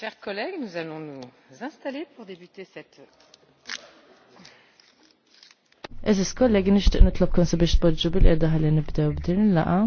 chers collègues nous allons nous installer pour débuter cette Eżis kollegi nixtieq nitlobkom sabiex tpoġġu bil-qiegħda ħalli nibdew b'din il-laqa.